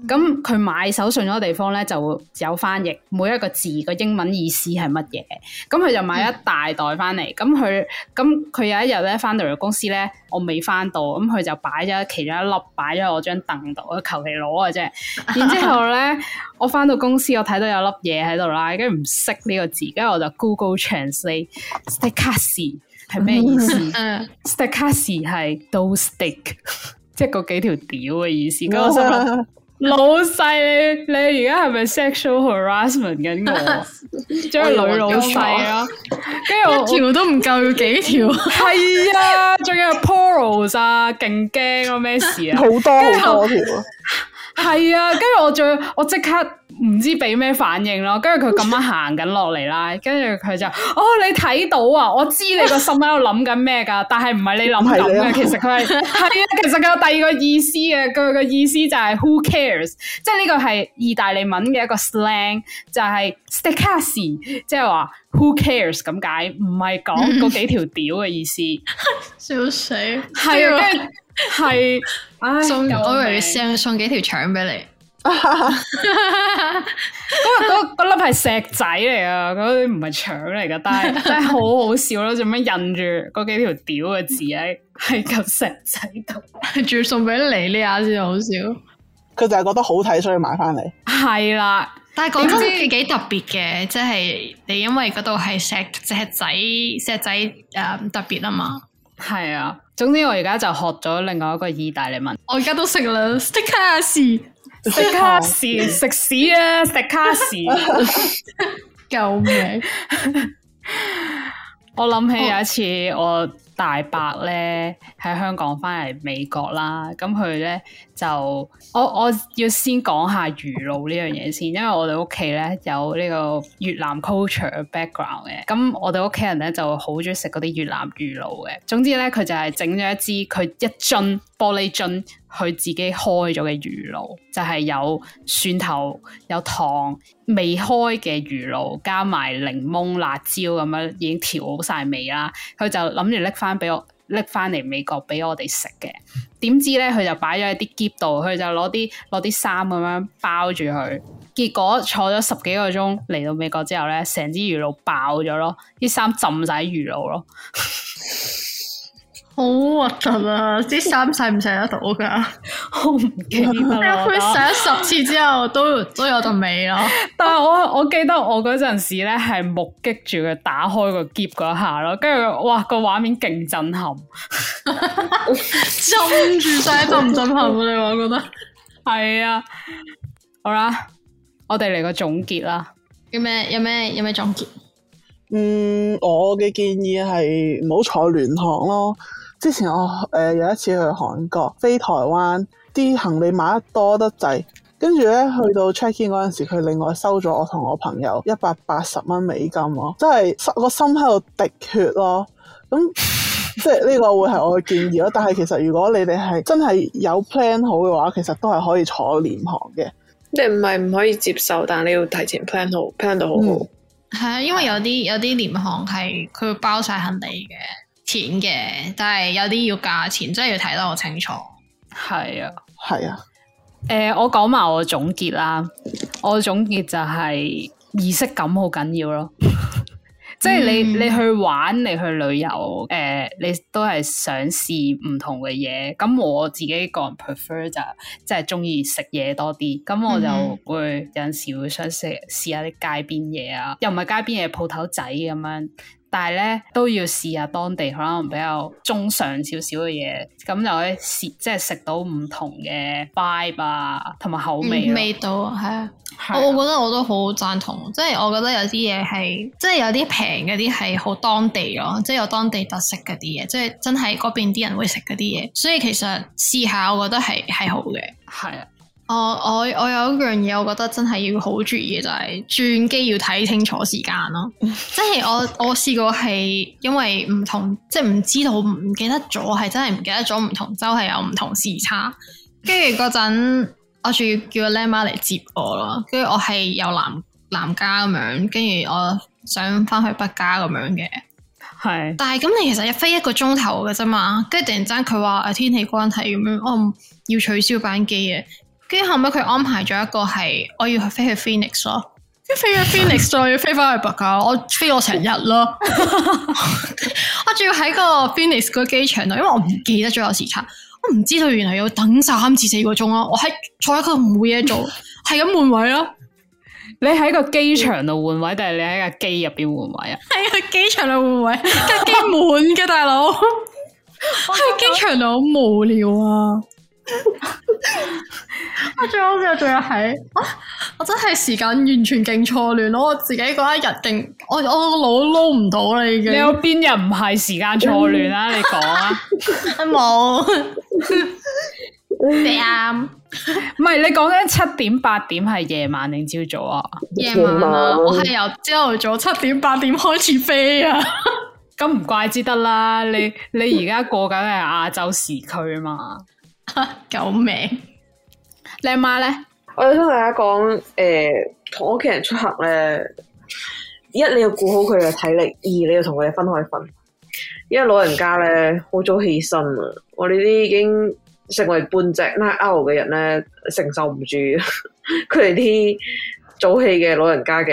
咁佢、嗯、買手信嗰個地方咧就會有翻譯，每一個字個英文意思係乜嘢。咁佢就買一大袋翻嚟。咁佢咁佢有一日咧翻到嚟公司咧，我未翻到，咁佢就擺咗其中一粒擺咗我張凳度，求其攞嘅啫。然之後咧， [LAUGHS] 我翻到公司，我睇到有粒嘢喺度啦，跟住唔識呢個字，跟住我就 Google translate。係咩意思？Stacy 係 do stick，即係嗰幾條屌嘅意思。咁我想問老細，你你而家係咪 sexual harassment 緊我？我係女老細啊，跟住一條都唔夠，要幾條？係啊，仲有 poros 啊，勁驚啊，咩事啊？好多好多條。係啊，跟住我仲我即刻唔知俾咩反應咯，跟住佢咁樣行緊落嚟啦，跟住佢就哦你睇到啊，我知你個心喺度諗緊咩㗎，但係唔係你諗緊嘅，啊、其實佢係係啊，其實佢有第二個意思嘅佢嘅意思就係 who cares，即係呢個係意大利文嘅一個 slang，就係、是、sti cazzi，即係、就、話、是、who cares 咁解，唔係講嗰幾條屌嘅意思，笑死水，係啊。 [LAUGHS] 係送點我以為送送幾條腸俾你，嗰粒係石仔嚟啊！嗰啲唔係腸嚟噶，但係真係好好笑咯！做咩印住嗰幾條屌嘅字喺係嚿石仔度，仲要送俾你呢下先好笑。佢就係覺得好睇，所以買翻嚟。係啦，但係講真，呢啲幾特別嘅，即係你因為嗰度係石石仔石仔誒、嗯、特別啊嘛。係啊，總之我而家就學咗另外一個意大利文，我而家都識啦，食卡士，食卡士，食屎啊，食卡士， [LAUGHS] 救命！ [LAUGHS] 我諗起有一次我。大伯咧喺香港翻嚟美國啦，咁佢咧，就我我要先講下魚露呢樣嘢先，因為我哋屋企咧有呢個越南 culture background 嘅，咁我哋屋企人咧就好中意食嗰啲越南魚露嘅。總之咧，佢就係整咗一支，佢一樽玻璃樽。佢自己開咗嘅魚露，就係有蒜頭、有糖、未開嘅魚露，加埋檸檬、辣椒咁樣，已經調好晒味啦。佢就諗住拎翻俾我，拎翻嚟美國俾我哋食嘅。點知咧，佢就擺咗喺啲篋度，佢就攞啲攞啲衫咁樣包住佢。結果坐咗十幾個鐘嚟到美國之後咧，成支魚露爆咗咯，啲衫浸晒魚露咯。 [LAUGHS] 好核突啊！啲衫洗唔洗得到噶？我唔記得佢洗咗十次之後，都都有陣味啦。但係我我記得我嗰陣時咧，係目擊住佢打開個喼嗰下咯，跟住哇個畫面勁震撼，浸住晒，都唔震撼啊？你話我覺得係啊？好啦，我哋嚟個總結啦。叫咩有咩有咩總結？嗯，我嘅建議係唔好坐聯航咯。之前我誒、呃、有一次去韓國飛台灣，啲行李買得多得滯，跟住咧去到 check in 嗰陣時，佢另外收咗我同我朋友一百八十蚊美金咯，真係心個心喺度滴血咯。咁 [LAUGHS] 即係呢、呢個會係我嘅建議咯。但係其實如果你哋係真係有 plan 好嘅話，其實都係可以坐廉航嘅。你唔係唔可以接受，但係你要提前 plan 好、嗯、plan 到好。係啊、嗯，因為有啲有啲廉航係佢會包晒行李嘅。錢嘅，但係有啲要價錢，真係要睇得好清楚。係啊，係啊。誒、呃，我講埋我總結啦。我總結就係儀式感好緊要咯。即 [LAUGHS] 係你你去玩，你去旅遊，誒、呃，你都係想試唔同嘅嘢。咁我自己個人 prefer 就即係中意食嘢多啲。咁我就會、嗯、哼有陣時會想食試下啲街邊嘢啊，又唔係街邊嘢鋪頭仔咁樣。但係咧都要試下當地可能比較中上少少嘅嘢，咁就可以試即係食到唔同嘅 vibe 同埋口味、嗯、味道，係啊，啊我，我覺得我都好讚同，即係我覺得有啲嘢係，即係有啲平嘅啲係好當地咯，即係有當地特色嗰啲嘢，即係真係嗰邊啲人會食嗰啲嘢，所以其實試下我覺得係係好嘅，係啊。哦，oh, 我我有一樣嘢，我覺得真係要好注意嘅就係轉機要睇清楚時間咯。即係 [LAUGHS] 我我試過係因為唔同，即係唔知道唔記得咗，係真係唔記得咗唔同州係有唔同時差。跟住嗰陣我仲要叫個靚媽嚟接我咯。跟住我係由南南家咁樣，跟住我想翻去北家咁樣嘅。係是。但係咁你其實要飛一個鐘頭嘅啫嘛。跟住突然間佢話誒天氣關係咁樣，我唔要取消班機嘅。跟住後尾，佢安排咗一個係，我要去飛去 Phoenix 咯，跟住飛去 Phoenix，我要飛翻去北加， [LAUGHS] 我飛咗成日咯， [LAUGHS] [LAUGHS] 我仲要喺個 Phoenix 嗰個機場度，因為我唔記得咗有時差，我唔知道原來要等三至四個鐘咯，我喺坐喺度唔冇嘢做，係咁換位咯。你喺個機場度換位，定係你喺架機入邊換位啊？係啊， [LAUGHS] 機 [LAUGHS] [LAUGHS] [LAUGHS] 場度換位架機滿嘅大佬，喺機場度好無聊啊！我、 [LAUGHS] 啊、最好嘅，仲有係我，我真係時間完全勁錯亂咯！我自己嗰一日勁，我我個腦撈唔到你嘅。你有邊日唔係時間錯亂啊？你講啊，冇，你啱。唔係你講緊七點八點係夜晚定朝早啊？夜晚啊，我係由朝頭早七點八點開始飛啊。咁 [LAUGHS] 唔怪之得啦，你你而家過緊係亞洲時區啊嘛。救命！你阿媽咧，我要同大家講，誒、呃，同屋企人出行咧，一你要顧好佢嘅體力， [LAUGHS] 二你要同佢哋分開瞓，因為老人家咧好早起身啊，我哋啲已經成為半隻拉 a u r 嘅人咧，承受唔住佢哋啲早起嘅老人家嘅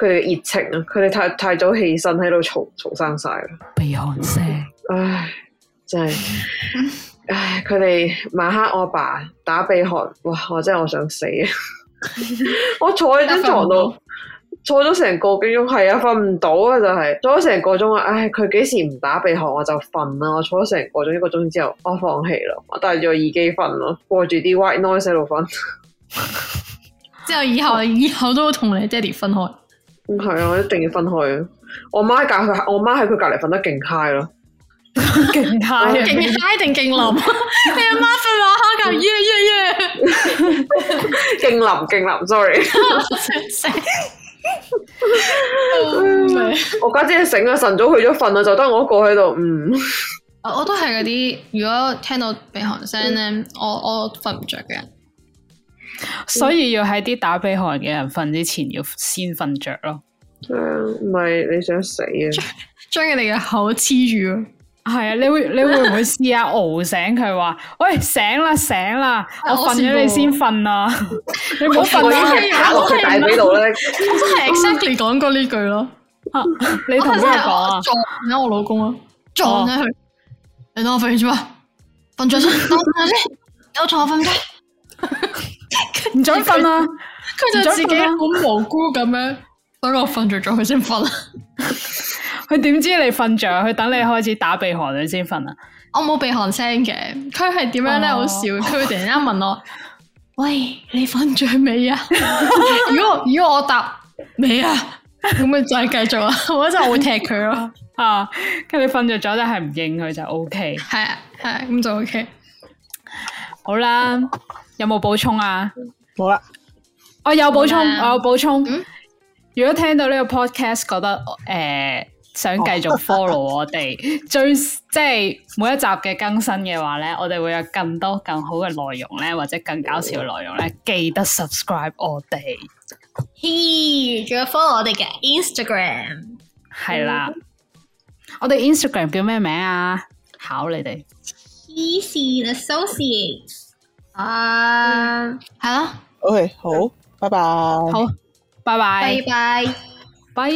佢哋嘅熱情啊，佢哋太太早起身喺度嘈嘈生晒啦，鼻鼾聲，唉，真係。 [LAUGHS] 唉，佢哋晚黑我爸打鼻鼾，哇！我真係我想死啊！ [LAUGHS] [LAUGHS] 我坐喺張床度，坐咗成個幾鐘，係啊，瞓唔到啊，就係坐咗成個鐘啊！唉，佢幾時唔打鼻鼾我就瞓啦。我坐咗成個鐘一個鐘之後，我放棄啦，我戴住耳機瞓咯，播住啲 white noise 喺度瞓。之 [LAUGHS] 後以後、啊、以後都同你爹哋分開，唔係啊，我一定要分開。我媽隔佢，我媽喺佢隔籬瞓得勁 high 咯。勁太勁 [LAUGHS] 太定勁淋，林 [LAUGHS] 你阿媽瞓話，我咁，耶耶耶，勁淋勁淋，sorry，我想死，我家姐醒啊，晨早去咗瞓啦，就得我一個喺度，嗯，我都係嗰啲如果聽到鼻鼾聲咧，我我瞓唔着嘅人，所以要喺啲打鼻鼾嘅人瞓之前要先瞓着咯，唔係你想死啊？將佢哋嘅口黐住咯。係啊，你會你會唔會試下熬醒佢話？喂，醒啦醒啦，我瞓咗你先瞓啊！你唔好瞓啦，我大髀喺度咧。真係 Exactly 講過呢句咯。你同邊個講啊？撞！我老公啊，撞咗佢。你等我瞓住啊！吧。瞓着先。我坐瞓先。唔想瞓啊！佢就自己好無辜咁樣。等我瞓着咗佢先瞓。佢點知你瞓着？佢等你開始打鼻鼾，你先瞓啊！我冇鼻鼾聲嘅，佢係點樣咧？Oh. 好笑，佢會突然間問我：，oh. 喂，你瞓着未啊？如果如果我答未 [LAUGHS] [LAUGHS] 啊，咁咪再繼續啊！我就會踢佢咯。OK、啊，跟住瞓着咗，但係唔應佢就 O K。係啊，係啊，咁就 O、OK、K。好啦，有冇補充啊？冇啦了。我有補充，嗯、我有補充。如果聽到呢個 podcast 覺得誒，呃想繼續 follow 我哋，最即係每一集嘅更新嘅話咧，我哋會有更多更好嘅內容咧，或者更搞笑嘅內容咧，記得 subscribe 我哋，仲要 follow 我哋嘅 Instagram，係啦，我哋 Instagram 叫咩名啊？考你哋，Chi Sin Associates，啊，係啦，OK，好，拜拜，好，拜拜，拜拜，拜。